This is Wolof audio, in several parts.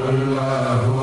والله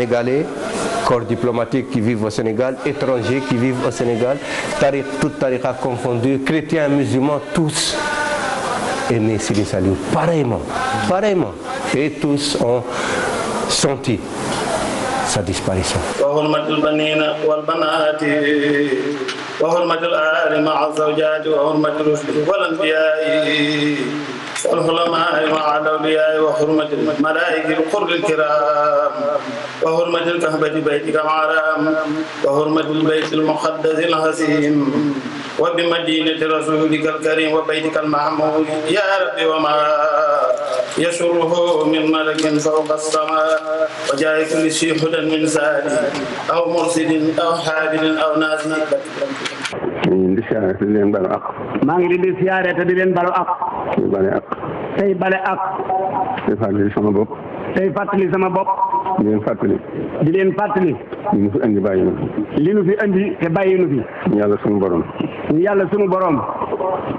Sénégalais, corps diplomatique qui vivent au Sénégal, étrangers qui vivent au Sénégal, tariq, toutes tariqas confondues, chrétiens, musulmans, tous aimé Sidi Saliou pareillement, pareillement. Et tous ont senti sa disparition. والعلماء مع الأولياء وحرمة الملائكة القر الكرام وحرمة الكهبة بيتك الحرام وحرمة البيت المقدس الحسين وبمدينة رسولك الكريم وبيتك المحمود يا رب وما يسره من ملك فوق السماء وجاء كل شيء هدى من سالي أو مرسل أو حابل أو نازل maa ngi leen di siyaare te di leen balu ak. tey bale ak. tey fàttali sama bopp. tey fàttali sama bopp. di leen fàttali. di leen fàttali. li nu fi andi bàyyi nu fi. li nu fi andi te bàyyi nu fi. yàlla sunu borom. yàlla sunu borom.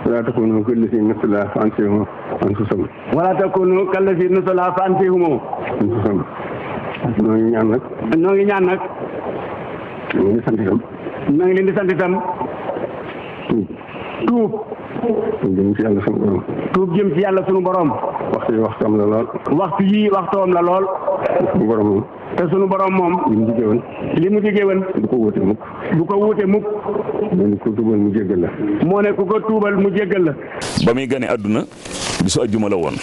wala takunu kallazi nusila fa ansahum anfusahum. wala takunu kallazi nusila fa ansahum anfusahum. noo ngi ñaan nag. noo ngi ñaan nag. noo ngi sant itam. noo ngi leen di sant itam. tuub. tuub. tuub jëm ci yàlla sunu borom. tuub jëm ci yàlla sunu borom. waxtu yi waxtoom la lool. waxtu yi waxtoom la lool. borom moom. te sunu borom moom. li mu diggee woon. li mu diggee woon. du ko wuute mukk. moo ne ku ko tuubal mu jéggal la. moo ne ba muy gane àdduna bisu ajjuma la woon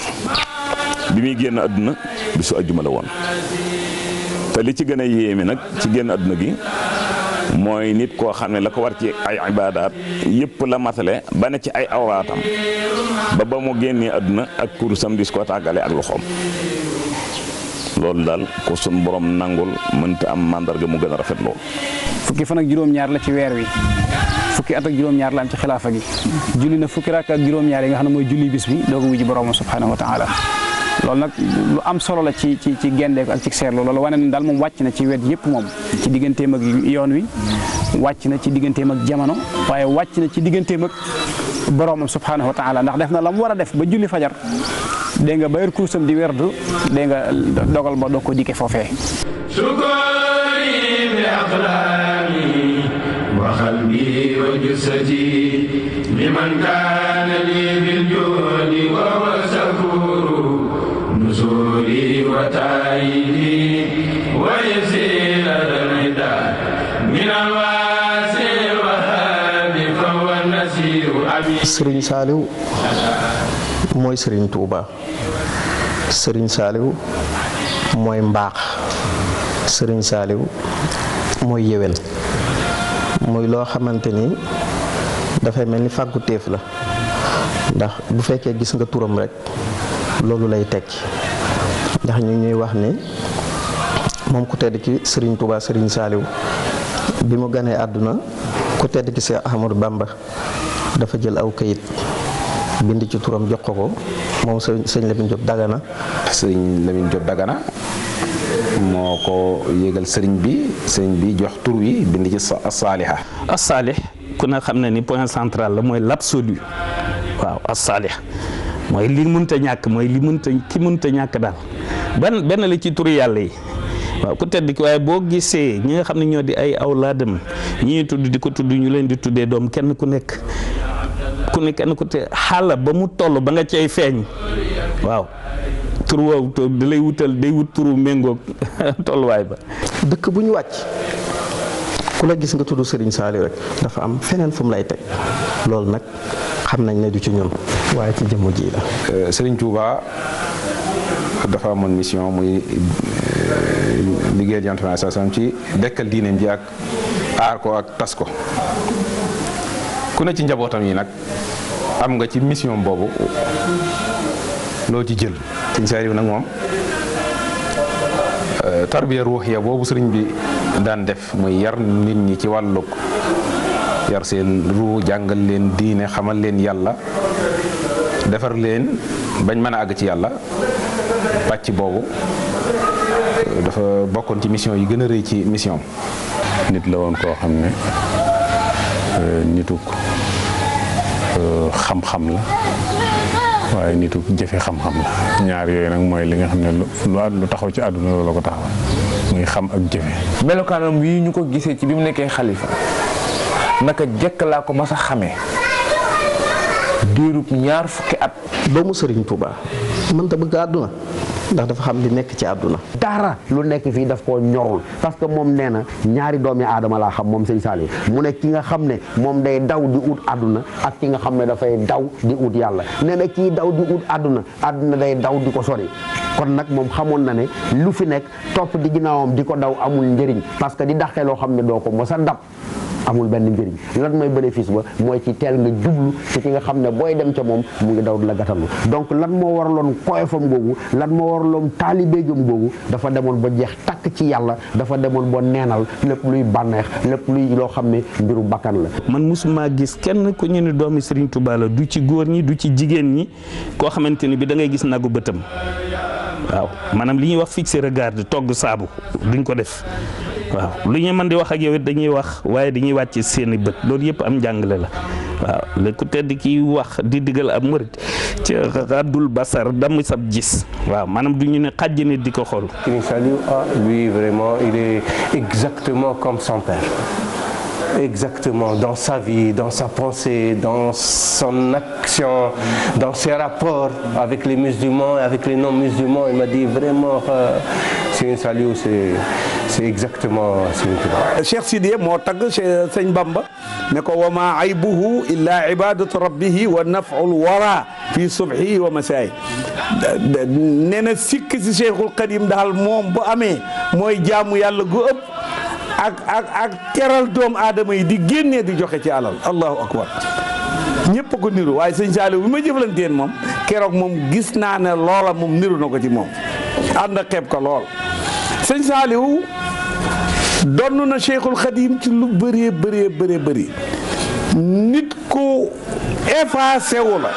bi muy génn àdduna bisu ajjuma la woon te li ci gën a yéeme nag ci génn àdduna gi. mooy nit koo xam ne la ko war ci ay ibaadaat yëpp la matale ba ne ci ay awraatam ba ba mu génnee àdduna ak kurusam dis ko tàggale ak loxoom loolu daal ko sun borom nangul mënta am màndarga mu gën a rafet lool. fukki fan ak juróom-ñaar la ci weer wi fukki at ak juróom-ñaar la am ci xilaafa gi. julli na fukki rakk ak juróom-ñaar yi nga xam ne mooy julli bis bi doog a wuyu ji boroomam subhaanahu loolu nag lu am solo la ci ci ci gendeeku ak ci seerlu loolu wane ne daal moom wàcc na ci wet yëpp moom ci digganteem ak yoon wi wàcc na ci digganteem ak jamono waaye wàcc na ci digganteem ak boroomam subhaanahu wa ndax def na la mu war a def ba julli fajar dégg nga bayar kuusam di werdu dégg nga dogal ba doo ko dikkee foofee لمن كان لي بالجود ووسع sëriñ saaliw mooy sëriñ tuuba sëriñ saaliw mooy mbaax sëriñ saaliw mooy yéwén muy loo xamante ni dafay mel ni fàggu la ndax bu fekkee gis nga turam rekk loolu lay tekki ndax ñu ñuy wax ni moom ku tedd ki Serigne Touba Serigne Saliou bi mu ganee àdduna ku tedd ki Cheikh Ahmadou Bamba dafa jël aw kayit bind ci turam jox ko ko moom sëñ sëñ jot Diop Dagana. sëñ Lamine jot Dagana moo ko yégal sëriñ bi sëriñ bi jox tur wi bind ci Assaaliha. Assaalih ku ne xam ne ni point central la mooy l'absolu waaw Assaalih mooy li mënta ñàkk mooy li mënta ki mënta ñàkk daal. benn benn la ci turu yàlla yi waaw ku tedd ki waaye boo gisee ñi nga xam ne ñoo di ay awlaadam dem ñuy tudd di ko tudd ñu leen di tuddee doom kenn ku nekk ku ne kenn ku te ba mu toll ba nga ceey feeñ waaw tur woowu da lay wutal day wut turu méngoog tolluwaay ba. dëkk bu ñu wàcc ku la gis nga tudd sëriñ Saliou rek dafa am feneen fu lay teg loolu nag xam nañ ne du ci ñun waaye ci jëmm ji la. Euh, Serigne Touba. dafa amoon mission muy euh, liggéeyal Yonent bi sasam ci dekkal diineem ji ak aar ko ak tas ko ku ne ci njabootam yi nag am nga ci mission boobu loo ci jël sëñ Saaliw nag moom euh, tarbiya ruuxiya boobu sëriñ bi daan def mooy yar nit ñi ci wàllug yar seen ruu jàngal leen diine xamal leen yàlla defar leen bañ mën a àgg ci yàlla pàcc boobu dafa bokkoon ci mission yi gën a rëy ci mission nit la woon koo xam ne euh, nituk euh, xam-xam la waaye nituk jëfe xam-xam la ñaar yooyu nag mooy li nga xam ne lu taxaw ci àdduna loolu la ko taxawal muy xam ak jëfe melokaanam yi ñu ko gisee ci bi mu nekkee xalifa naka jekk laa ko mas a xame diirub ñaar fukki at doomu Sëriñ Tuubaa mënta bëgg àdduna ndax dafa xam li nekk ci àdduna dara lu nekk fii daf ko ñorul parce que moom nee na ñaari doomi aadama laa xam moom sëñ Saliou mu nekk ki nga xam ne moom day daw di ut àdduna ak ki nga xam ne dafay daw di ut yàlla nee na kii daw di àdduna àdduna day daw di ko sori kon nag moom xamoon na ne lu fi nekk topp di ginnaawam di ko daw amul njëriñ parce que di dàqee loo xam ne doo ko mos a dab amul benn njëriñ lan mooy bénéfice ba mooy ci teel nga jublu ci ki nga xam ne booy dem ca moom mu ngi daw la gàttalu donc lan moo waraloon koyofam googu lan moo waraloon taalibeegam googu dafa demoon ba jeex takk ci yàlla dafa demoon ba neenal lépp luy bànneex lépp luy loo xam ne mbiru bàkkan la. man mosuma gis kenn ku ñu ne doomi Serigne Touba du ci góor ñi du ci jigéen ñi koo xamante ni bi dangay gis nagu bëtam waaw maanaam li ñuy wax fixer regard togg saabu duñ ko def. waaw lu ñu mën di wax ak yow it dañuy wax waaye dañuy wàcc seen bët loolu yëpp am njàngale la waaw la ku tedd kiy wax di digal ab murit ci xaddul basar damu sab gis waaw maanaam du ñu ne xàjj nit di ko xool. Serigne Saliou ah vraiment il est exactement comme son père. exactement dans sa vie, dans sa pensée, dans son action, dans ses rapports avec les musulmans, avec les non-musulmans. Il m'a dit vraiment, euh, Serigne Saliou, c'est exactement Serigne Touba. Cheikh Sidiye moo tagg Serigne Bamba ne ko wa ma aybuhu illa ibadatu rabbihi wa naf'ul wara fi subhi wa masaay nee na sikk si Cheikhul Qadim daal moom bu amee mooy jaamu yàlla gu ëpp ak ak ak teral doomu aadama yi di génnee di joxe ci alal allahu akbar ñëpp ko niru waaye sëñ Saliou bi ma jëflanteen moom keroog moom gis naa ne loola moom niru na ko ci moom ànd ak xeeb ko lool sëñ Saliou donn na Cheikhul Khadim ci lu bëree bëree bëree bëri nit ku effacé wu la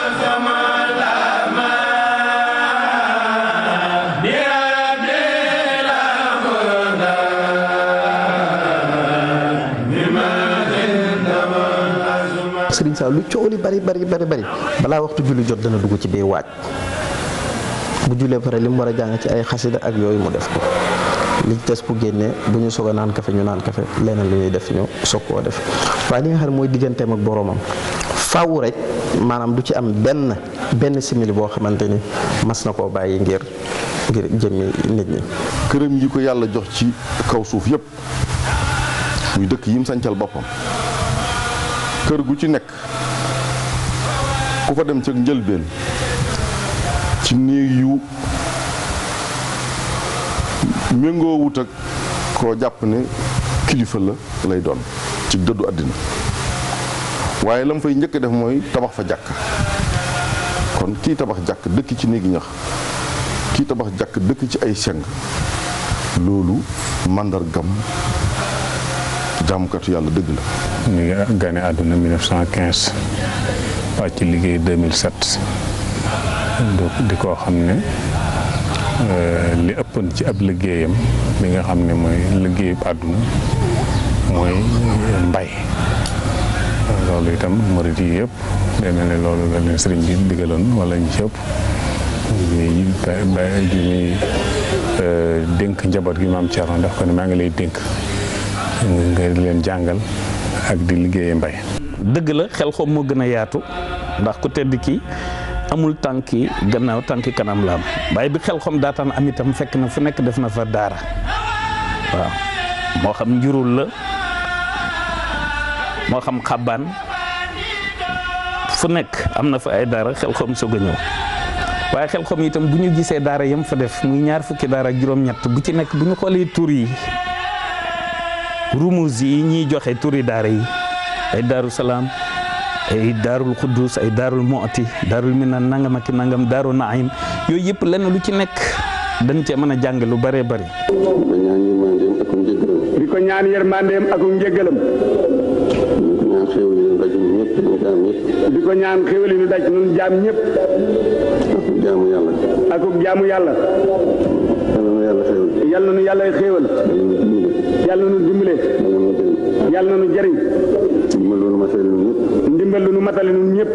Serigne Sall lu coow li bari bari bari bari balaa waxtu julli jot dana dugg ci biir waaj bu jullee pare li mu war a jàng ci ay xasida ak yooyu mu def ko li ci des bu génnee bu ñu soog a naan kafe ñu naan kafe leneen li ñuy def ñu soog koo def waaye li nga xam ne mooy digganteem ak boroomam faaw rek maanaam du ci am benn benn simili boo xamante ni mas na koo bàyyi ngir ngir jëmmi nit ñi. këram yi ko yàlla jox ci kaw suuf yépp muy dëkk yim sancal boppam. kër gu ci nekk ku fa dem ca njëlbeen ci néeg yu méngoo wut ak koo jàpp ne kilifa la lay doon ci dëddu àddina waaye la mu fay njëkk def mooy tabax fa jàkk kon kii tabax jàkk dëkk ci néegi ñax kii tabax jàkk dëkk ci ay seng loolu màndargam jaamukatu yàlla dëgg la. ñu ngi gane àdduna 1915 waa ci liggéey 2007 di koo xam ne euh, li ëppoon ci ab liggéeyam li nga xam ne mooy liggéeyub àdduna mooy mbay. loolu itam murit yi yëpp day mel ni loolu la leen sëriñ bi digaloon wala ñu ci euh, dénk njaboot gi maam Thierno daf ko maa ngi lay dénk. nga leen jàngal ak di liggéeye mbay dëgg la xel xom moo gën a yaatu ndax ku tedd ki amul tànki gannaaw tànki kanam la am bi xel xom daataan am itam fekk na fu nekk def na fa daara waaw moo xam njurul la moo xam xàbbaan fu nekk am na fa ay daara xel xom soog a ñëw waaye xel xom itam bu ñu gisee daara yam fa def muy ñaar fukki daara ak juróom-ñett bu ci nekk bu ñu xoolee tur yi rumus yi ñuy joxe turi daara yi ay daaru salaam ay daarul xuddus ay daarul mooti daarul minan nangam ak nangam daaru naim yooyu yëpp lenn lu ci nekk dañ cee mën a jàng lu bëree bëri. di ko ñaan yërmandeem ak njëggalam. di ko ñaan xéwal ñu daj ñun jaam ñëpp. akub jaamu yàlla. akub jaamu yàlla. yal na nu yàlla xéwal. yal na nu yàlla xéwal. yàlla na nu dimbale. yàlla na nu jëriñ. ndimbal lu nu matale ñun ñëpp. ndimbal lu nu matale ñun ñëpp.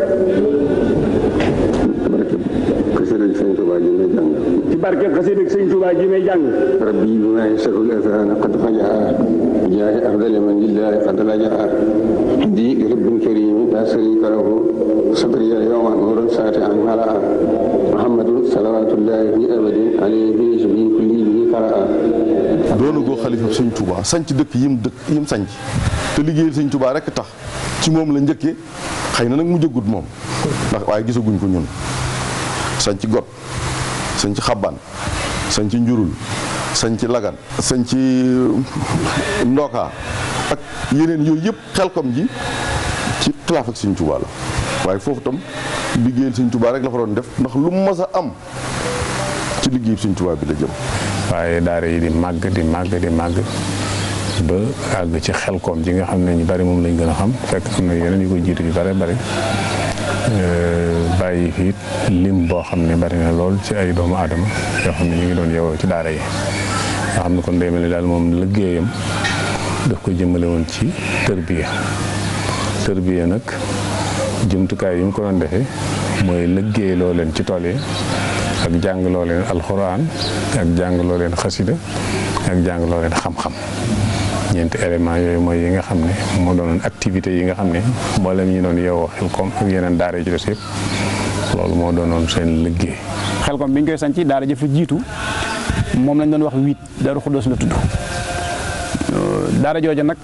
ci barkeb xasida ak sëñ Touba ji may jàng. rabbi bima yashrahul azana qad fajaa jaahi afdali man lillahi qad lajaa di rabbin karim la sharika lahu sadri al yawma nuran saati an halaa muhammadun salawatullahi abadin alayhi doon xalifa sëñ Touba sanc dëkk yim dëkk yim sañc te liggéeyal sëñ Touba rek tax ci moom la njëkke xëy na nag mu jëggut moom ndax waaye gisaguñ ko ñun sanc got sanc xaban sanc njurul sanc lagan sanc ndookaa ak yeneen yooyu yëpp xelkom ji ci xilaaf ak sëñ Touba la waaye foofu tam liggéeyal sëñ Touba rek la fa doon def ndax lu mu mës a am ci liggéey sëñ Touba bi la jëm waaye daara yi di màgg di màgg di màgg ba àgg ci xel koom ji nga xam ne ñu bari moom lañ gën a xam fekk am na yeneen yi koy jiitu yu bare bari bàyyi fi lim boo xam ne bari na lool ci ay doomu aadama yoo xam ne ñu ngi doon yeewoo ci daara yi nga xam ne kon day mel ni daal moom liggéeyam daf ko jëmale woon ci tërbiya tërbiya nag jumtukaay yi mu ko doon defee mooy liggéey loo leen ci tool yi ak jàngloo leen alxuraan ak jàngloo leen xasida ak jàngloo leen xam-xam ñeenti élément yooyu mooy yi nga xam ne moo doonoon activité yi nga xam ne mboolem ñi doon yeewoo Xelkom yeneen daara ci des yëpp loolu moo seen liggéey. Xelkom bi ñu koy sanc daara jëf lu jiitu moom lañ doon wax huit Daaru Xuddoos la tudd daara jooja nag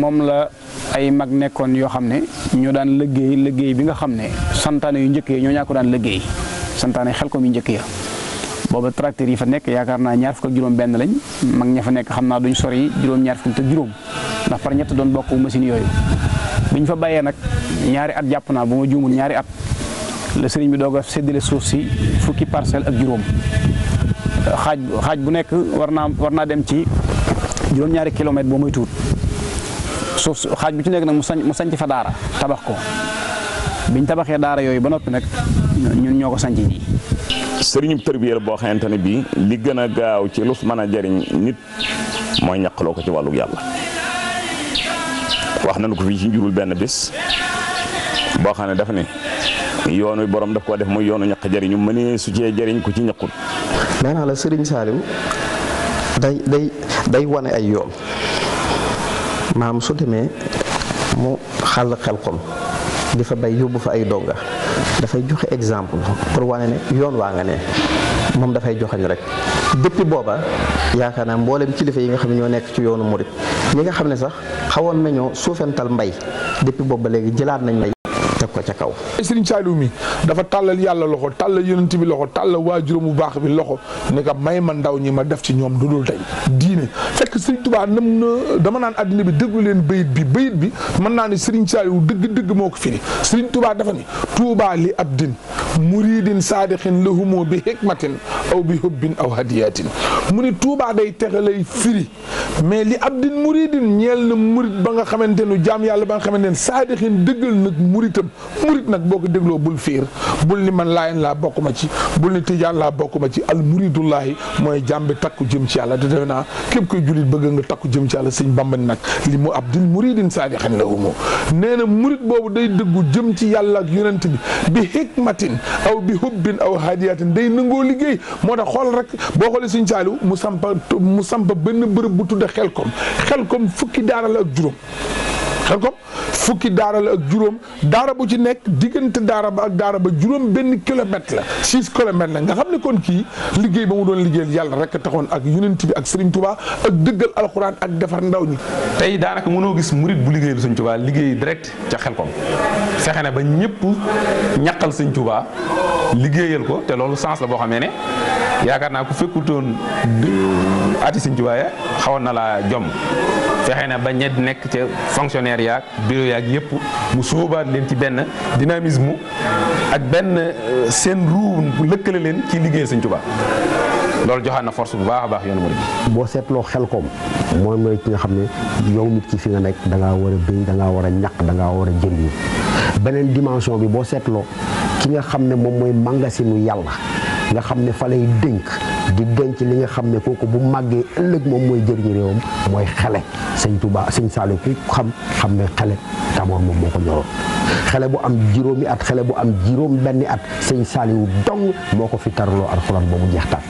moom la ay mag nekkoon yoo xam ne ñoo daan liggéey liggéey bi nga xam ne santaane yu njëkk yi ñoo ñaa daan liggéey. santaane xel ko mi njëkk ya booba tracteur yi fa nekk yaakaar naa ñaar fukk ak juróom benn lañ mag ña fa nekk xam naa duñ sori juróom ñaar te juróom ndax par ñett doon bokk machine yooyu biñ fa bàyyee nag ñaari at jàpp naa bu ma juumul ñaari at la sëriñ bi doog a séddale suuf si fukki parcelle ak juróom xaaj xaaj bu nekk war naa war naa dem ci juróom-ñaari kilomètre boo moy tuut suuf xaaj bu ci nekk nag mu sañ sañ ci fa daara tabax ko biñ tabaxee daara yooyu ba noppi nag ñu ñoo ko sanc nii sëriñub tërbiya la boo xamante ne bii li gën a gaaw ci lu mën a jariñ nit mooy ñaqloo ko ci wàllu yàlla wax nan ko fii ci njurul benn bis boo xam ne dafa ne yoonu borom daf koo def muy yoonu ñakk jariñu mën mënee su cee jariñ ku ci ñaqul nee naa la sëriñ Saliou day day day wane ay yoon maam su demee mu xàll xel xol di fa bay yóbbu fa ay dogga dafay joxe exemple pour wane ne yoon waa nga ne moom dafay joxañ rek dëppi booba yaakaar naa mboolem kilifa yi nga xam ne ñoo nekk ci yoonu murit ñi nga xam ne sax xawoon nañoo suufental mbay depuis booba léegi jëlaat nañ mbay ca kaw Serigne mi dafa tàllal yàlla loxo tàllal yonent bi loxo tàllal waajuram bu baax bi loxo ni ko may ma ndaw ñi ma def ci ñoom dudul tey diine fekk Serigne Touba nam na dama naan àddina bi déglu leen bayit bi bayit bi mën naa ne Serigne Saliou dëgg dëgg moo ko firi Serigne Touba dafa ni Touba li abdin muridin saadixin lahumoo bi hikmatin aw bi hubbin aw hadiyatin mu ni Touba day texalay firi mais li abdin muridin ñeel na murid ba nga xamante nu jaam yàlla ba nga xamante ne saadixin dëggal nag muritam murit nag boo ko dégloo bul fiir bul ni man laayen laa bokk ma ci bul ni tijaan laa bokk ma ci al muridullahi mooy jàmbi takku jëm ci yàlla te defe naa képp koy jullit bëgg nga takku jëm ci yàlla sëñ Bamba ni nag li mu ab abdil muridin saadixan la umu nee na murit boobu day dëggu jëm ci yàlla ak yonent bi bi hikmatin aw bi hubbin aw hadiyatin day nangoo liggéey moo tax xool rek boo xoolee sëñ Saaliw mu sampa mu sampa benn bërëb bu tudde xel xelkom fukki daara la ak juróom xelkom fukki daara la ak juróom daara bu ci nekk diggante daara ba ak daara ba juróom benn kilomètre la six kilomètre la nga xam ne kon kii liggéey ba mu doon liggéeyal yàlla rek taxoon ak yonent bi ak Serigne Touba ak dëggal alxuraan ak defar ndaw ñi. tey daanaka mënoo gis murit bu liggéeyal Serigne Touba liggéey direct ca xelkom fexe na ba ñëpp ñaqal Serigne Touba liggéeyal ko te loolu sens la boo xamee ne yaakaar naa ku fekkutoon ati Serigne Touba ya xawoon na laa jom fexe na ba nekk ca fonctionnaire maire yaag bureau yaag yëpp mu sóobaat leen ci benn dynamisme ak benn euh, seen ruu bu lëkkale leen ci liggéey Sëñ Tuubaa loolu joxaan na force bu baax a baax yoonu murid boo seetloo xel koom mooy mooy ki nga xam ne yow nit fi nekk da ngaa war war a ñaq da war a jëriñu beneen dimension boo seetloo ki nga xam ne moom mooy mangasinu yàlla nga xam ne fa lay dénk di denc li nga xam ne kooku bu màggee ëllëg moom mooy jëriñu réewam mooy xale sëñ Touba sëñ Saliou ku xam xam ne xale tamoon moom moo ko ñoroon xale bu am juróomi at xale bu am juróom benni at sëñ Saliou dong moo ko fi tarloo alxuraan ba mu jeex tàkk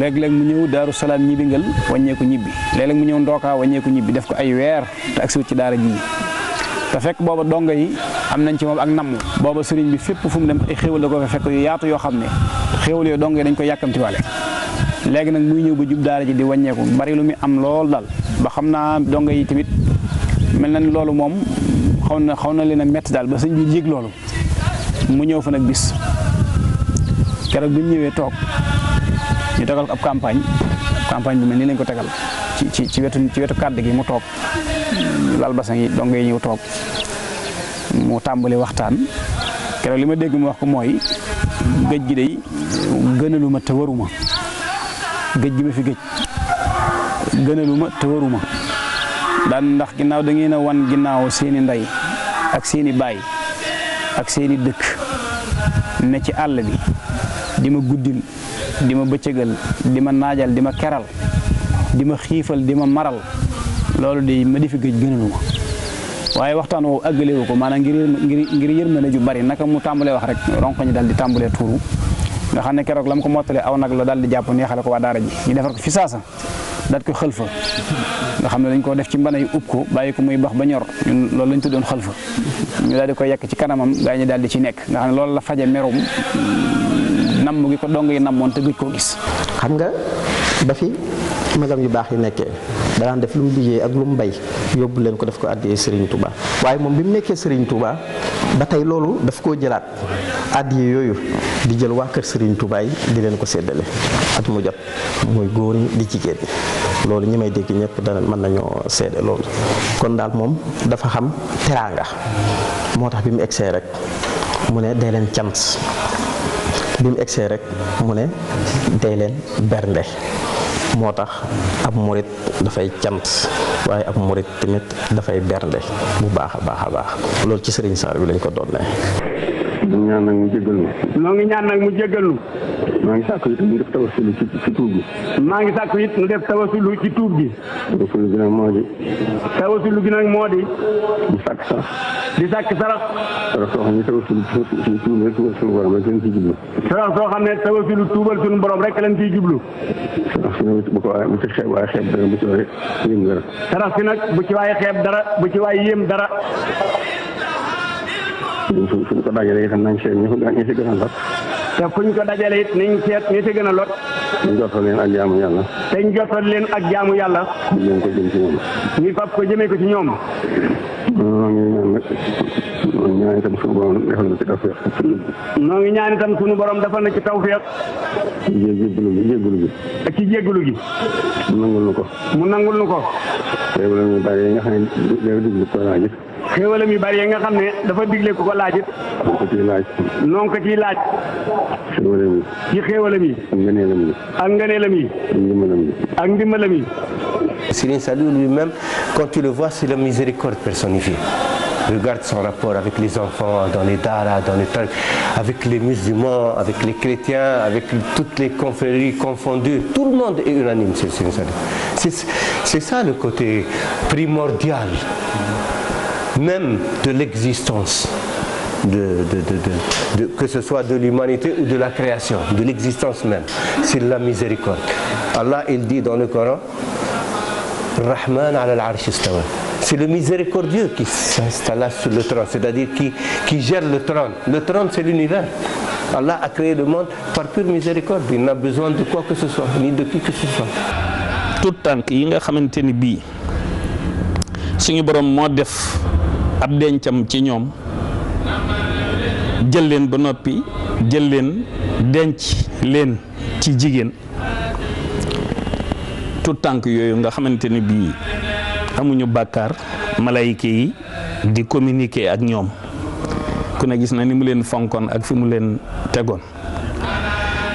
léeg-léeg mu ñëw Daaru Salaam ñibbi ngal wàññeeku ñibbi léeg-léeg mu ñëw Ndookaa wàññeeku ñibbi def ko ay weer te ak ci daara ji te fekk booba dongo yi am nañ ci moom ak namm booba sëriñ bi fépp fu mu ay xéwal da ko fekk yu yoo xam ne xéwal yooyu dongo yi dañ ko yàkkamtiwaale léegi nag muy ñëw ba jub daara ji di wàññeeku bari lu muy am lool daal ba xam naa dongo yi tamit mel na ni loolu moom xaw na xaw na leen a métti daal ba sëñ bi yëg loolu mu ñëw fa nag bis keroog bi ñëwee toog ñu tegal ab campagne campagne bi mel nii ko tegal ci ci wetu ci wetu kàdd gi mu toog lal basang yi dongo ñëw toog mu tàmbali waxtaan keroog li ma dégg mu wax ko mooy géej gi day gënaluma te waruma géej gi ma fi géej gënaluma te waruma daan ndax ginnaaw dangeen a wan ginnaaw seeni ndey ak seeni baay ak seeni dëkk ne ci àll bi di ma guddil di ma bëccëgal di ma naajal di ma keral di ma xiifal di ma maral loolu di ma di fi géej gënaluma waaye waxtaan woowu àggalewu ko maanaam ngir ngir yërmande ju bari naka mu tàmbalee wax rek ronko ñi dal di tàmbalee tuuru nga xam ne keroog la mu ko mottalee aw nag la daal di jàpp neexale ko waa daara ji ñu defar ko fi saasa daat ko xëlfa nga xam ne dañ koo def ci mbana yi ub ko bàyyi ko muy bax ba ñor ñun loolu lañ tuddoon xëlfa ñu daal di koy yekk ci kanamam gaa daal di ci nekk nga ne loolu la faje merum namm gi ko dong yi moon te gëj koo gis xam nga ba fi magam yu baax yi nekkee daan def lu mu liggéey ak lu mu bay yóbbu leen ko def ko àddiyee sëriñ Touba waaye moom bi mu nekkee Serigne Touba ba tey loolu daf koo jëlaat àddiyee yooyu di jël waa kër Serigne Touba di leen ko séddale at mu jot muy góor ñi di jigéen ñi loolu ñi may dégg ñëpp dana mën nañoo seede loolu kon daal moom dafa xam teraanga moo tax bi mu egsee rek mu ne day leen cant bi mu egsee rek mu ne day leen bernde moo tax ab murit dafay cant waaye ab murit tamit dafay bernde bu baax a baax a baax loolu ci sëriñ Saar bi lañ ko doon ne. ñaan nag mu jéggal nu. noo ngi mu jéggal maa ngi sàkku it ñu def tawasulu ci tuub bi maa ngi sàkku it ñu def tawasulu ci tuub bi tawasulu gi nag moo di. tawasulu gi nag moo di. di sarax. di sàkk sarax. sarax soo xam ne tawasulu tuubal suñu borom rek lañ ciy xam ne tawasulu tuubal suñu borom rek lañ ciy jublu. si nag ko bu ci xeeb waaye xeeb dara sarax si nag bu ci waaye xeeb dara bu ci waaye yéem dara. suñ ko dajalee itam ñu ko a te fuñ ko dajale it nañ seet ñi ci gën a lot. ñu jotal leen ak jaamu yàlla. te ñu jotal leen ak jaamu yàlla. ñu ko jëm ci ñoom. ñu fab ko jëmee ko ci ñoom. noo ngi ñaan sunu borom defal na ci tawféex. noo ngi ñaan itam sunu borom defal na ci tawféex. gi ak ci jéggulu gi. mu nangul nu ko. mu nangul nu ko. xéewalam yu bari yi nga xam ne ko laaj it. yu bari yi nga xam ne dafa digle ko ko laaj it. ko ciy laaj. noo ko ciy laaj. xéewalam yi. ci xéewalam yi. ak ngëneelam yi. ak ngëneelam yi. ak ndimbalam yi. ak ndimbalam yi. Serigne Saliou lui-même quand tu le vois c'est la miséricorde personnifiée. regarde son rapport avec les enfants, dans les daras, dans les trucs, avec les musulmans, avec les chrétiens, avec toutes les confréries confondues. Tout le monde est unanime, c'est ça le côté primordial même de l'existence. De, de, de, que ce soit de l'humanité ou de la création, de l'existence même. C'est la miséricorde. Allah, il dit dans le Coran, Rahman al-Arsh c'est le miséricordieux qui s'installe sur le trône, c'est-à-dire qui, gère le trône. Le trône, c'est l'univers. Allah a créé le monde par pure miséricorde. bi n'a besoin de quoi que ce soit, ni de tànk yi nga xamante ni bii suñu borom moo def ab dencam ci ñoom jël leen ba noppi jël leen denc leen ci jigéen tout tànk yooyu nga xamante ni bii amuñu bàkkaar malayka yi di communiquer ak ñoom ku ne gis na ni mu leen fonkoon ak fi mu leen tegoon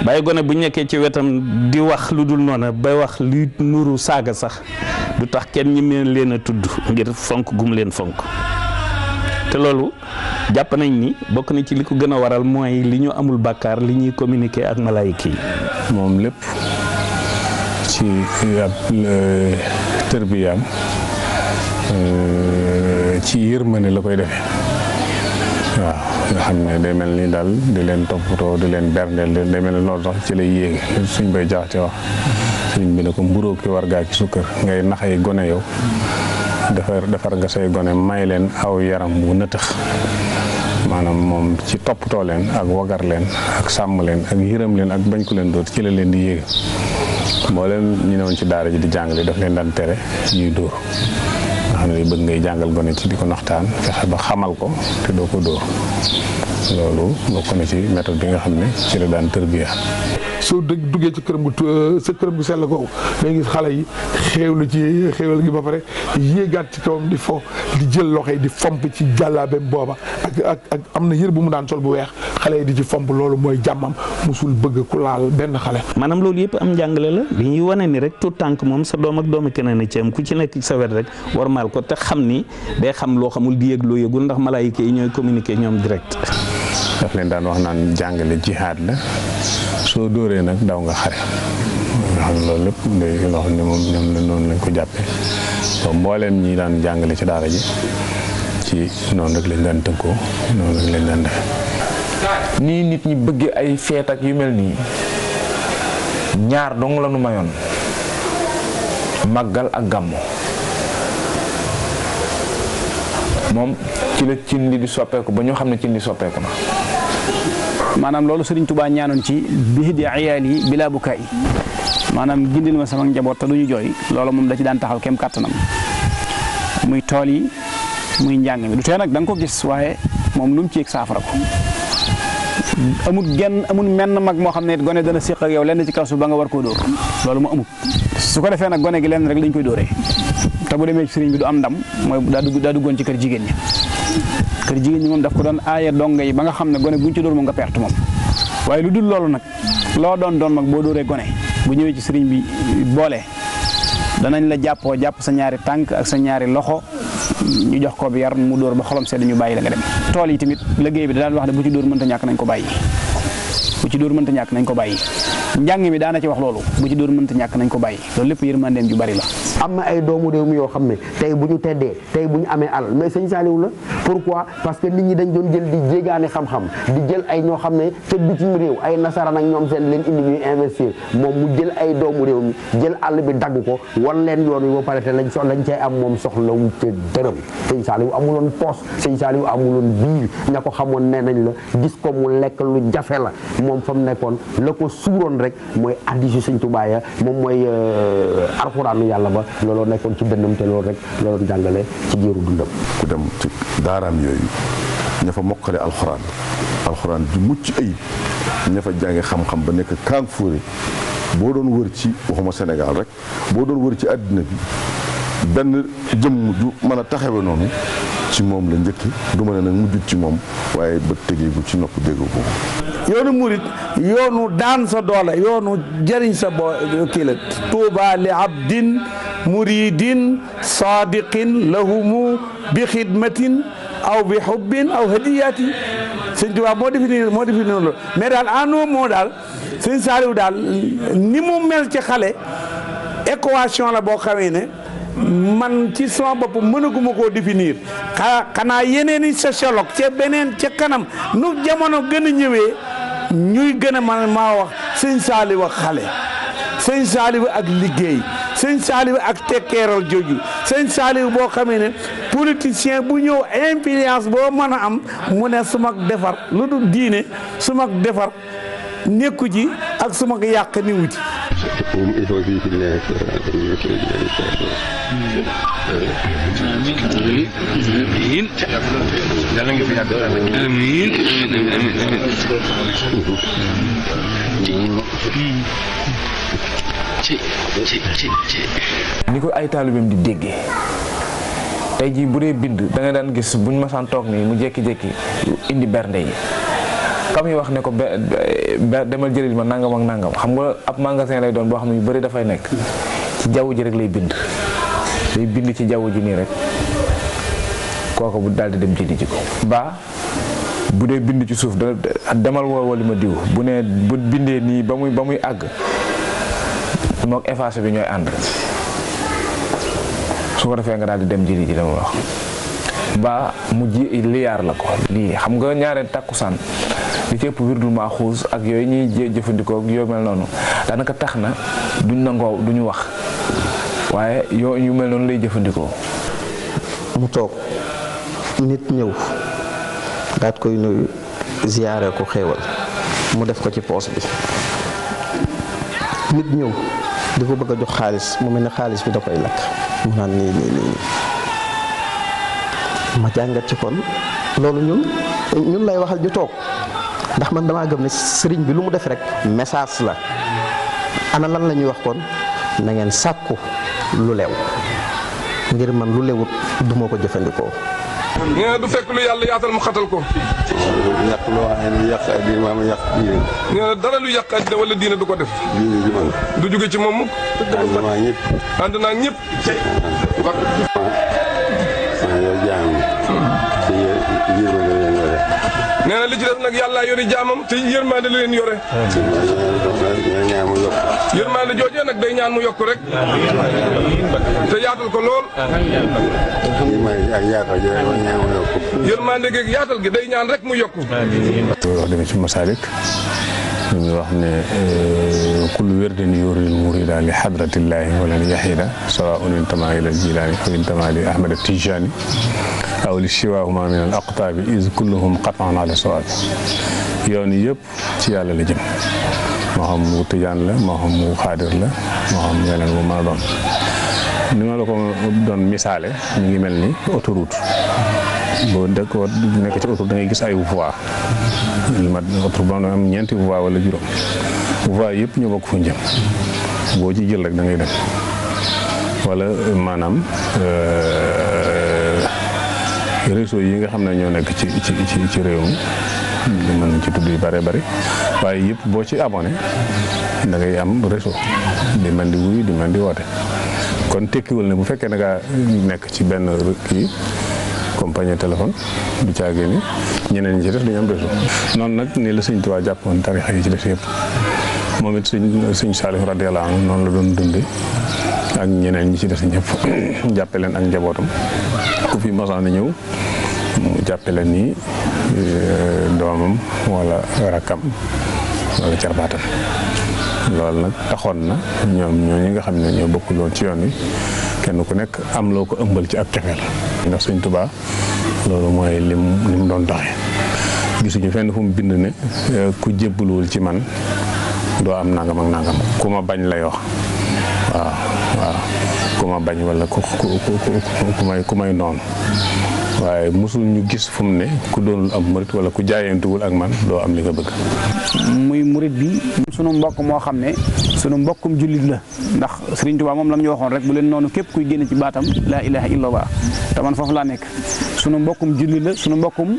bàyyi gone bu nekkee ci wetam di wax lu dul noona ba wax luy nuru saaga sax du tax kenn ñi meen leen a tudd ngir fonk gum leen fonk te loolu jàpp nañ ni bokk na ci li ko gën a waral mooy li ñu amul bàkkaar li ñuy communiquer ak malaayika yi moom lépp ci ab euh, tërbiyaam Euh, ci yërmande la koy defee waaw nga xam ne day mel ni daal di leen toppatoo di leen berndeel day mel ni loolu sax ci lay yéege suñ bay jaxte wax sëriñ bi ne ko mburoo ki war gaa ci sukkër ngay naxay gone yow defar defar nga say gone may leen aw yaram wu nëtëx maanaam moom ci toppatoo leen ak wagar leen ak sàmm leen ak yërëm leen ak bañ ko leen dóor ci la leen di yéege moo leen ñu newoon ci daara ji di jàngale daf leen daan tere ñuy dóor nga xam ne day ngay jàngal gone ci di ko naxtaan fexe ba xamal ko te doo ko dóor loolu bokk na ci méthode bi nga xam ne ci la daan tërbiya soo dëgg duggee ci këram gu euh, sa këram gu sell kooku da gis xale yi xéewlu ci xéewal gi ba pare yéegaat ci kawam di di jël loxo yi di fomp ci jàllaabeem booba ak ak ak am na yër bu mu daan sol bu weex xale yi di ci fomp loolu mooy jàmmam musul bëgg ku laal benn xale. maanaam loolu yëpp am njàngale la li ñuy wane ni rek tout tànk moom sa doom ak doomu keneen a ceem ku ci nekk sa wet rek war warmaal ko te xam ni day xam loo xamul di yëg loo yëgul ndax malaayika yi ñooy communiquer ñoom direct. daf leen daan wax naan jàngale jihaad la soo dóoree nag daw nga xare nga xam loolu lépp day loo xam ne moom ñoom la noonu lañ ko jàppee soo mbooleem ñi daan jàngale ci daala ji ci noonu rek lañ daan tënkoo noonu rek lañ daan defe nii nit ñi bëgg ay feet ak yu mel nii ñaar dong lañu mayoon màggal ak gàmmu moom ci la cin li di soppeeku ba ñu xam ne cin li soppeeku la maanaam loolu Sëriñ Tuubaa ñaanoon ci bihidi ayaal yi bilaa kaay maanaam gindil ma sama njaboot te du ñu jooy loolu moom da ci daan taxaw kem kàttanam muy tool yi muy njàng mi du tee nag danga ko gis waaye moom lu mu ci yëg saafara ko amul genn amul menn mag moo xam ne gone dana séq ak yow lenn ci kaw su ba nga war koo dóor loolu mu amul su ko defee nag gone gi lenn rek lañ koy dóoree te bu demee ci bi du am ndam mooy daa dugg daa duggoon ci kër jigéen ñi kër jigéen ñi moom daf ko doon aaya donga yi ba nga xam ne gone buñ ci dóor moom nga perte moom waaye lu dul loolu nag loo doon doon mag boo dóoree gone bu ñëwee ci sëriñ bi boole danañ la jàppoo jàpp sa ñaari tànk ak sa ñaari loxo ñu jox ko bi yar mu dóor ba xolom sedd ñu bàyyi la nga dem tool yi tamit liggéey bi da wax ne bu ci dóor mënta ñàkk nañ ko bàyyi bu ci dóor mënta ñàkk nañ ko bàyyi njàng mi daana ci wax loolu bu ci dóor mënta ñàkk nañ ko bàyyi loolu lépp yërmandeem ju bari la am na ay doomu réew mi yoo xam ne tey bu ñu teddee tey bu ñu amee alal mais sëñ Saliou la pourquoi parce que nit ñi dañ doon jël di jéegaane xam-xam di jël ay ñoo xam ne ca bitim réew ay nasaraan ak ñoom seen leen indi ñuy investir moom mu jël ay doomu réew mi jël àll bi dagg ko wan leen yoon wi ba pare te lañ so lañ cay am moom soxla soxlawu ca dërëm sëñ Saliou amuloon poos sëñ Saliou amuloon biir ña ko xamoon nee nañ la gis ko mu lekk lu jafe la moom fa mu nekkoon la ko rek mooy addi si sëñ Tuubaa ya moom mooy euh, alxuraanu yàlla ba looloo nekkoon ci dëndam te loolu rek la doon jàngale ci jiiru dundam. ku dem ci daaraam yooyu ña fa mokkale alxuraan alxuraan ju mucc ayib ña fa jànge xam-xam ba nekk kaang boo doon wër ci waxuma Sénégal rek boo doon wër ci àddina bi benn jëmm ju mën a taxawe noonu. ci moom la njëkk du ma nag mujjut ci moom waaye bët tegeegu ci nopp déggu ko. yoonu murit yoonu daan sa doole yoonu jëriñ sa bo kii la tuuba li abdin muridin sadiqin lahumu bi xidmatin aw bi xubbin aw hadiyaati sëñ Tuubaa moo définir moo définir loolu mais daal en moo mot daal sëñ Saaliw daal ni mu mel ci xale équation la boo xamee ne man ci sama bopp mënaguma koo difiniir définir xanaa yeneen i sociologue ca beneen ca kanam nu jamono gën a ñëwee ñuy gën a man maa wax sëñ saali wax xale sëñ saali ak liggéey sëñ saali ak tekkeeral joju sëñ saali boo xamee ne politicien bu ñëw influence boo mën a am mu ne su defar lu dul diine su mag defar nekku ji ak su mag yàq niwu ci توفيق ni ko ay taalibeem di déggee tey jii bu dee bind da nga daan gis buñ masaan toog nii mu jékki-jékki indi bernde yi ka wax ne ko be demal jëlil ma nangam ak nangam xam nga ab magasin lay doon boo xam ne yu bari dafay nekk ci jaww ji rek lay bind day bind ci jaww ji nii rek kooku bu daal di dem jëli ji ko ba bu dee bind ci suuf da demal woo wali ma diw bu ne bu bindee nii ba muy ba muy àgg mook effacé bi ñooy ànd su ko defee nga daal di dem jëli ji dama wax ba mu ji liyaar la ko lii xam nga ñaaree tàkkusaan li ci ëpp wirdul maaxuus ak yooyu ñuy jëfandikoo ak yooyu mel noonu daanaka tax na duñ nangoo duñu wax waaye yoo yu mel noonu lay jëfandikoo mu toog nit ñëw daat koy nuyu ziyaare ko xéewal mu def ko ci poos bi nit ñëw di ko bëgg a jox xaalis mu mel ni xaalis bi da koy lakk mu naan nii nii nii ma jàngat ci kon loolu ñun ñun lay waxal ju toog ndax man damaa gëm ne sëriñ bi lu mu def rek message la ana lan la ñuy wax kon na ngeen sàkku lu leew ngir man lu lewut du ma ko jëfandikoo. nee du fekk lu yàlla yaatal mu xatal ko. yàq loo xam ne yàq ak diine dara lu yàq ak diine du ko def. du jóge ci moom mukk. ànd naa ñëpp. ànd naa ñëpp. nee na li ci def nag yàlla yori jaamam te yërmande la leen yore. yërmande joojee nag day ñaan mu yokk rek. te yaatal ko lool. yërmande geeg yaatal gi day ñaan rek mu yokk. wax dëgg ci Masaalik ñu ngi wax ne kullu wirdin yuridil murida li xadratillahi wala li yaxida sawaun intamaa ila jilaani aw intamaa li ahmada tijaani aw li siwaahuma min al aqtaabi is kulluhum qatan ala sawaab yoon yëpp ci yàlla la jëm moo xam mu tijaan la moo xam mu xaadir la moo xam yeneen bu a doon ni ma la doon misaale mu ngi mel ni autoroute boo dëkk nekk ci autoroute dangay gis ay voies ma autoroute ba am wala juróom voies yëpp ñu bokk fu jëm boo ci jël rek da ngay dem wala maanaam euh, réseau yi nga xam ne ñoo nekk ci ci ci ci réew mi mën nañ ci tudd yu bëree bëri waaye yëpp boo ci abonné da ngay am réseau di mën di wuyu di mën di woote kon tekkiwul ne bu fekkee da ngaa nekk ci benn kii compagnie téléphone du caagee ni ñeneen ñi ci def dañu am réseau noonu nag ni la suñ Tuubaa jàppoon tarixa yi ci def yëpp moom it sëñ sëñ Saalif radiyallaahu noonu la doon dundee ak ñeneen ñi ci des ñëpp jàppe leen ak njabootam ku fi masaan a ñëw mu jàppe leen ni euh, doomam wala rakkam wala carbaatam loolu nag taxoon na ñoom ñooñu nga xam ne ñoo bokkuloon ci yoon wi kenn ku nekk am loo ko ëmbal ci ak cofeel ndax suñ tubaa loolu mooy lim li mu doon doxee gisuñu fenn fu mu bind ne euh, ku jébbuluwul ci man doo am nangam ak nangam ku bañ lay wax waaw waaw ku bañ wala ku ku ku may noonu waaye mosul ñu gis fu ne ku doonul am murit wala ku jaayantuwul ak man doo am li nga bëgg. muy murit bi sunu mbokk moo xam ne sunu mbokkum jullit la ndax Serigne Touba moom la ñu waxoon rek bu leen noonu képp kuy génn ci baatam laa ilaaha illallah te man foofu laa nekk sunu mbokkum jullit la sunu mbokkum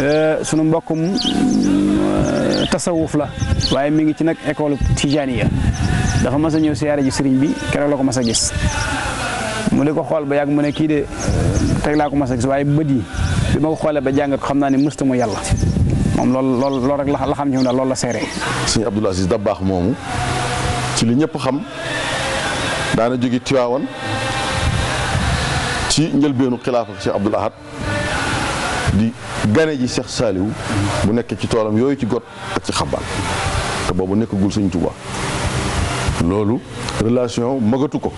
euh, sunu mbokkum euh, tasawuf la waaye mi ngi ci nag école tijaaniya dafa mas a ñëw siyaare ji sëriñ bi keneen la ko mas a gis mu di ko xool ba yàgg mu ne kii de teg laa ko mas a gis waaye bët yi bi ma ko xoolee ba jàngat xam naa ni mësta mu yàlla moom loolu loolu loolu rek la xam ci daal loolu la seere sëriñ Abdoul Aziz baax moomu ci li ñëpp xam daana jóge Tiwaawan ci njëlbeenu xilaafa Cheikh Abdoul Ahad di gane ji Cheikh Saliou bu nekk ci toolam yooyu ci got ak ci xabaan te boobu nekk nekkagul sëñ Tuubaa loolu relation magatu ko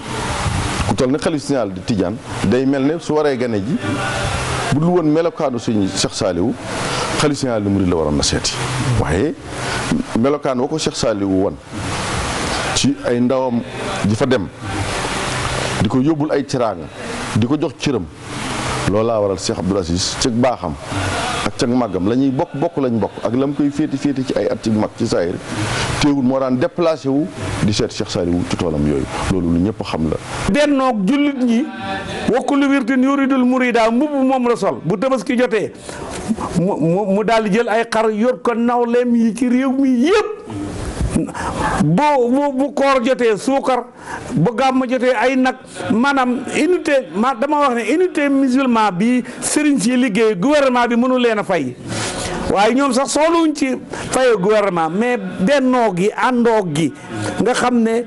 ku toll ne xalif général di Tijaan day mel ne su waree gane ji bu dul woon melokaanu sëñ Cheikh Saliou xalif général di murid la waroon na seeti waaye melokaan wa ko Cheikh Saliou wan ci ay ndawam di fa dem di ko yóbbul ay teraanga di ko jox cëram loolu loolaa waral Cheikh Abdoul Aziz cëg baaxam ak cëg màggam la ñuy bokk bokk lañ bokk ak la mu koy féeti féeti ci ay at ci mag ci saayir teewul moo daan déplacé wu di seet Cheikh Saliou ci toolam yooyu loolu lu ñëpp xam la bennoog jullit ñi wakkulu wirtin yuridul murida mbubb moom la sol bu tabaski jotee mu mu daal di jël ay xar yor ko nawleem yi ci réew mi yëpp boo bu bu koor jotee suukar bu gàmm jotee ay nag maanaam unité ma dama wax ne unité musulman bi sëriñ si liggéey gouvernement bi mënu leen a fay waaye ñoom sax soxluwuñ ci faye gouvernement mais bennoo gi àndoog gi nga xam ne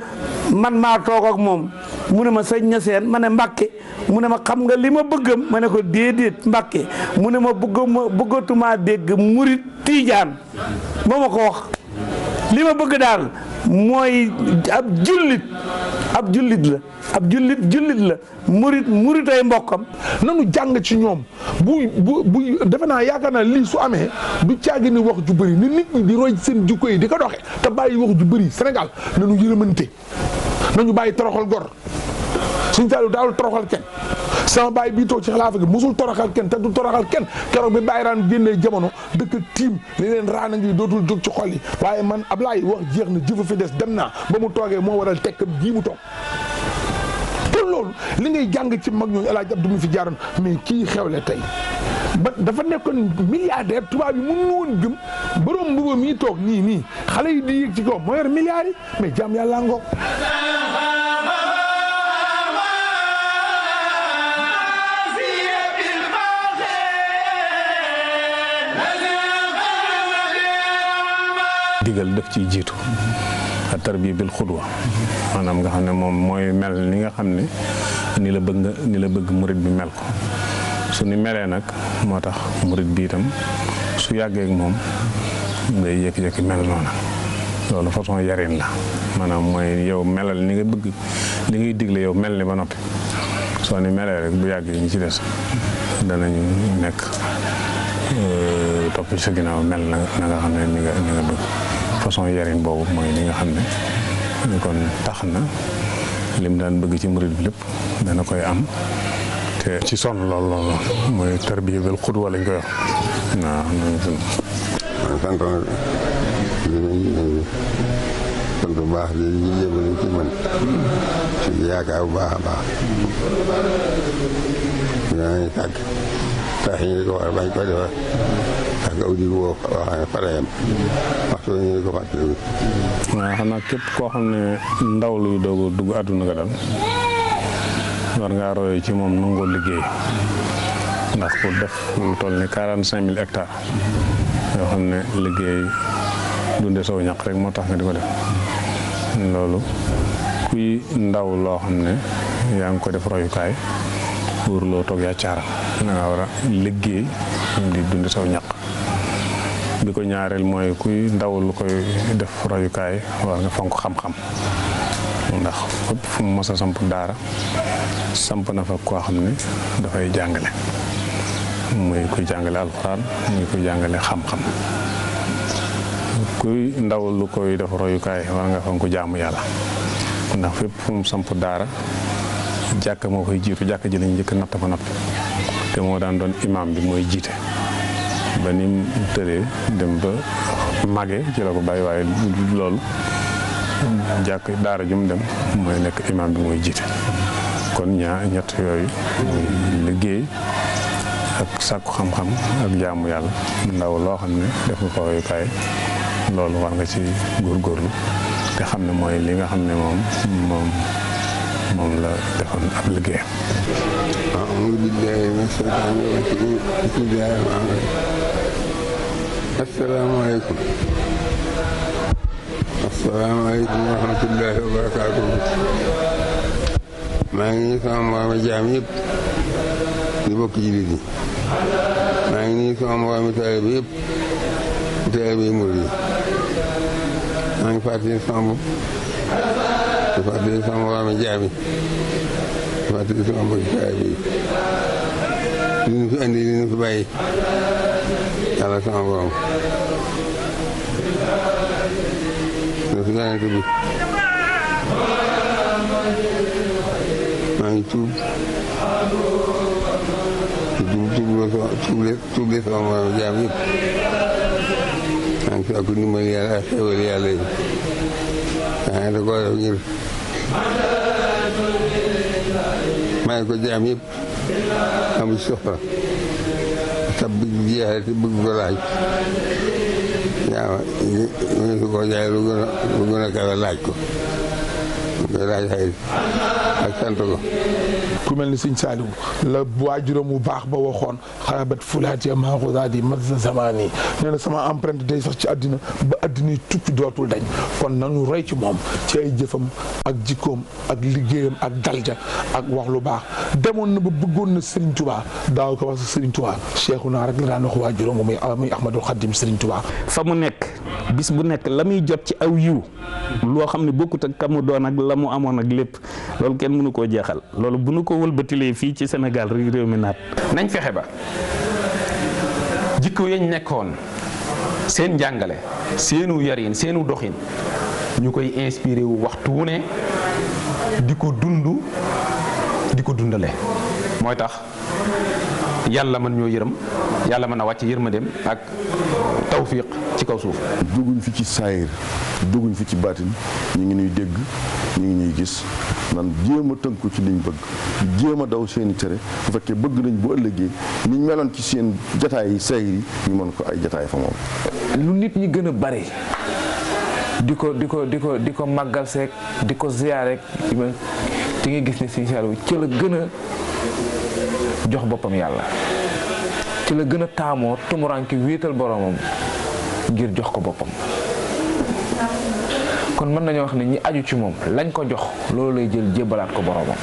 man maa toog ak moom mu ne ma sëñ na seen ma ne mbàkke mu ne ma xam nga li ma bëggam ma ne ko déedéet mbakke mu ne ma bëggama bëggatuma dégg murit tiijaan moo ma ko wax lii ma bëgg daal mooy ab jullit ab jullit la ab jullit jullit la murit murit ay mbokkam nanu jàng ci ñoom bu bu bu defe naa yaakaar naa lii su amee du caagi ni wax ju bëri ni nit ñi di roy seen jikko yi di ko doxe te bàyyi wax ju bëri Sénégal nanu yërëmante nañu bàyyi toroxal gor suñu Saliou daawul toroxal kenn sama baay bii toog ci xilaafa gi musul toroxal kenn te du toroxal kenn keroog bi bàyyi raan jamono dëkk tiim li leen raana ngi dootul jóg ci xol yi waaye man Ablaye wax jeex na jëfa fi des dem naa ba mu toogee moo waral tekk jii mu toog pour loolu li ngay jàng ci mag ñooñu El Hadj Abdou mu fi jaaroon mais kii xewle tey ba dafa nekk milliardaire tubaab yi mën na woon gëm borom mbuba mii toog nii nii xale yi di yéeg ci kaw moo yor mais jàmm yàlla ngoog def ci jiitu jiitu tarbiya bil xudwa maanaam nga xam ne moom mooy mel ni nga xam ne ni la bëgg nga ni la bëgg murit bi mel ko su ni melee nag moo tax murit bi itam su yàggee moom day yëkki-yëkki mel noona loolu façon yarin la maanaam mooy yow melal ni nga bëgg li ngay digle yow mel ni ba noppi soo ni melee rek bu yàggee ñi ci des ñu nekk euh, topp ci sa ginnaaw mel na nga xam ne ni ni nga bëgg façon yarin boobu mooy li nga xam ne kon tax na lim daan bëgg ci murit bi lépp dana koy am te ci sonn lool lool lool mooy tarbiya bil xudwa lañ koy wax waaw baax di ñu jébal ci bu baax a baax yaa ngi tàgg tax yi ko war bañ ko defar ak aw ji woo farayam képp koo xam ne ndaw luy doog a dugg àdduna nga dal war ngaa royee ci moom nangoo liggéey ndax pour def lu toll ni quarante cinq mille hectares yoo xam ne liggéey dunde sow ñaq rek moo tax nga di ko def loolu kuy ndaw loo xam ne yaa ngi ko def royukaay pour loo toog yaa caara da ngaa a liggéey di dunde saw ñaq bi ko ñaareel mooy kuy ndaw lu koy def royukaay war nga fonk xam-xam ndax fépp fu mu mos samp daara samp na fa koo xam ne dafay jàngale muy kuy jàngale alxuraan muy kuy jàngale xam-xam kuy ndaw lu koy def royukaay war nga fonk jaamu yàlla ndax fépp fu samp daara jàkk moo koy jiitu jàkk ji lañ njëkk natt ba noppi te moo daan doon imaam bi mooy jiite ba ni mu dem ba màggee ci la ko bay waaye loolu jàkk daara jum dem mooy nekk imaam bi mooy jiite kon ñaa ñett yooyu liggéey ak sàkku xam-xam ak jaamu yàlla ndaw loo xam ne def nga loolu war nga ci góorgóorlu te xam ne mooy li nga xam ne moom moom la defoon ab liggéeyam asalaamaaleykum asalaamaaleykum wa rahmatullahi wa barakaatu maa ngi nuyu sama moromu jaam yëpp di bokk jullit yi maa ngi nuyu sama moromu taalibe yëpp taalibe yi murid yi maa ngi fàttali sama bopp di fàttali sama moromu jaam yi di fàttali sama mbokki taalibe yi li ñu fi andi li ñu fi bàyyi yàlla sama borom su yonent bi maa ngi tuub tuub tuub sama borom jaam yëpp maa ngi sàkku ndimbal yàlla ak xéwal yàlla yi da koo def ngir may ko jaam yëpp am soxla te buñ jeexee te buñ ko laaj waaw ñu ngi ko jaay lu gën a lu gën a kawe laaj ko ñu koy laaj xëy ak sant ko ku mel ni sëñ Saaliw la waajuram bu baax ba waxoon xarabat fulaat ya maaxudaati masa zamaani nee na sama empreinte day sax ci àddina ba àddina tukki dootul dañ kon nañu roy ci moom ci ay ak jikkoom ak liggéeyam ak dalja ak wax lu baax demoon na ba buggoon na Sëriñ Tuubaa daaw ko wax Sëriñ Tuubaa Seexuna rek la daan wax waajuram muy muy Ahmadul Xadim Sëriñ Tuubaa fa mu nekk bis bu nekk la muy jot ci aw yiw loo xam ne bokkut ak kamu doon ak la mu amoon ak lépp loolu kenn mënu koo jeexal loolu bu nu ko walbatilee fii ci senegal rek réew mi naat nañ fexe ba jikko yañ nekkoon seen njàngale seenu yarin seenu doxin ñu koy inspiré wu waxtu wu ne di ko dund di ko dundale mooy tax yàlla mën ñoo yërëm yàlla mën a wàcc yërmandeem ak tawfiq ci kaw suuf. dugguñ fi ci saayir dugguñ fi ci baatin ñu ngi ñuy dégg ñu ngi ñuy gis nan jéem a tënku ci liñ bëgg jéem a daw seeni tere bu fekkee bëgg nañ bu ëllëgee niñ meloon ci seen jataay yi saayir yi ñu mën ko ay jataay fa moom. lu nit ñi gën a bare di ko di ko di ko di ko màggal seek di ko ziyaar rek di nga gis ne si ci la gën a. jox boppam yàlla ci la gën a taamoo tumuraanki wéetal boroomam ngir jox ko boppam kon mën nañoo wax ne ñi aju ci moom lañ ko jox loolu lay jël jébbalaat ko boroomam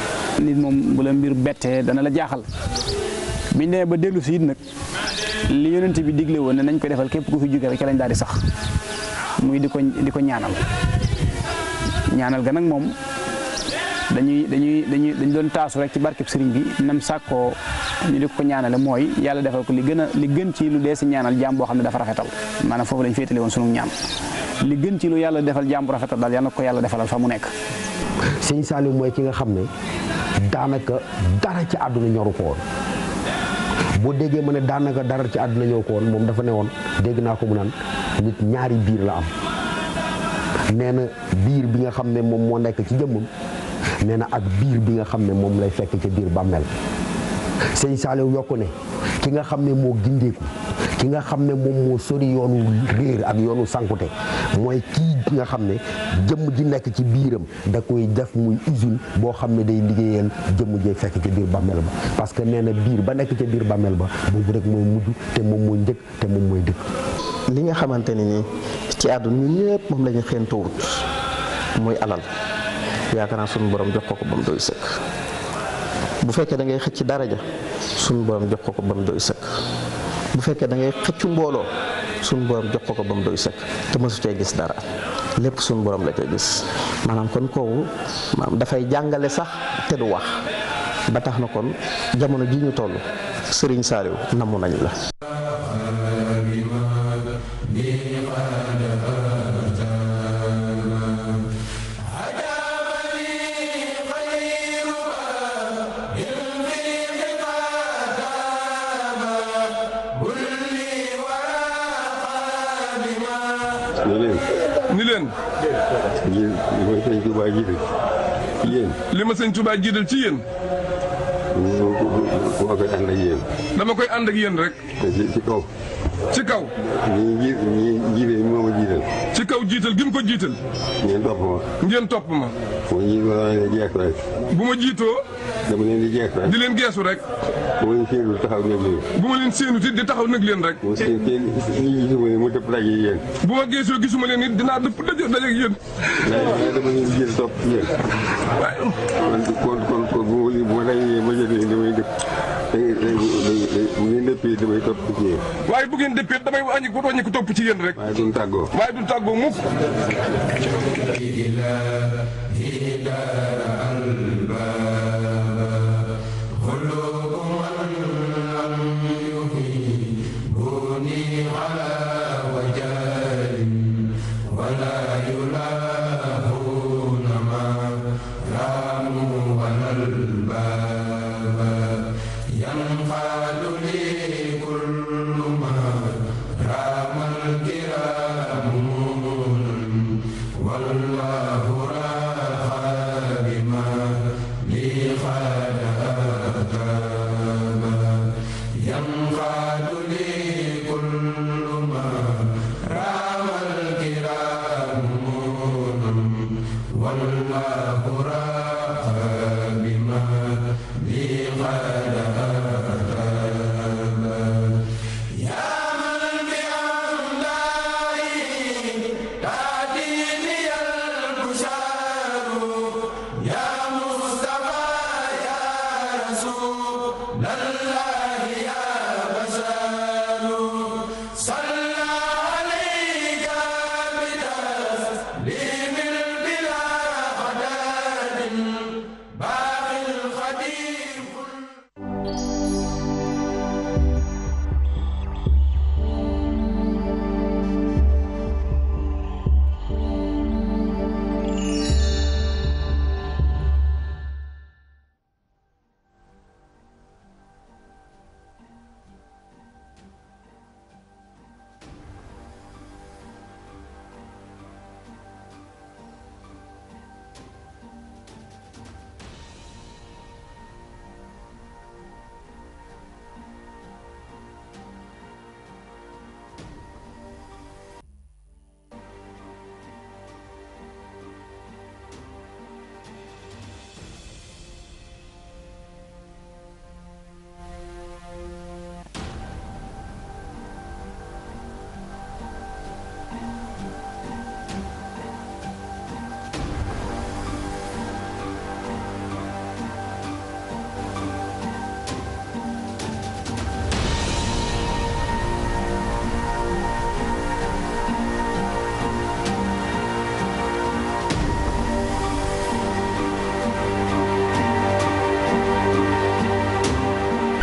nit moom bu la mbir bettee dana la jaaxal biñ demee ba dellu si nag li yonent bi digle woon ne nañ ko defal képp ku fi jóge ci lañ daal di sax muy di ko di ñaanal ñaanal ga moom dañuy dañuy dañuy dañ doon taasu rek ci barkeb sëriñ bi nam sàkkoo ñu di ko ñaanale mooy yàlla defal ko li gën a li gën ci lu dee si ñaanal jaam boo xam ne dafa rafetal maanaam foofu lañ féetale woon sunu ñaan li gën ci lu yàlla defal jaam rafetal daal na ko yàlla defalal fa mu nekk sëñ Saliou mooy ki nga xam ne daanaka dara ci àdduna ñoru ko woon boo déggee ma ne daanaka dara ci àdduna ñëw ko woon moom dafa ne woon dégg naa ko mu naan nit ñaari biir la am nee biir bi nga xam ne moom moo nekk ci jëmmam nee na ak biir bi nga xam ne moom lay fekk ci biir bàmmeel sëñ Saaliw yokku ne ki nga xam ne moo gindeeku ki nga xam ne moom moo sori yoonu réer ak yoonu sankute mooy kii nga xam ne jëmm ji nekk ci biiram da koy def muy usine boo xam ne day liggéeyal jëmm jee fekk ci biir bàmmeel ba parce que nee na biir ba nekk ci biir bàmmeel ba boobu rek mooy mujj te moom mooy njëkk te moom mooy dëkk li nga xamante ni ni ci àdduna ñun ñëpp moom la ñu xéentawut mooy alal yaakaar naa suñu borom jox ko ko ba mu doy sëkk bu fekkee da ngay xëcc daraja sunu borom jox ko ko ba mu sëkk bu fekkee da ngay xëccu mbooloo sunu borom jox ko ko ba mu doy sëkk te ma mësu cee gis dara lépp suñu borom la cee gis maanaam kon kooku maanaam dafay jàngale sax te du wax ba tax na kon jamono ji ñu toll Serigne Saliou namu nañ la. li ma sëñ Touba jiital ci yéen. dama koy ànd ak dama koy ànd ak yéen rek. ci ci kaw. ci kaw. ñii ñii moo ma jiital. ci kaw jiital gi ko jiital. ngeen topp ma. ngeen topp ma. bu ma jiitoo dama leen di rek. bu ma jiitoo. dama leen di jeex leen geesu rek. bu ma leen séenu taxaw nag leen. bu ma leen séenu it di taxaw nag leen rek. bu ma séen kenn gisuma leen mu dëpp dajeeg yéen. bu ma geesoo gisuma leen it dinaa dëpp dajeeg dajeeg yéen. waaye dama leen jël topp yéen. man kon kon kon bu ma lii bu ma dajee ma jëlee damay dëpp day day day bu ngeen dëppee damay topp ci yéen. waaye bu ngeen dëppee damay wàññi ko wàññi ko topp ci yéen rek. waaye duñ tàggoo. waaye duñ tàggoo mukk.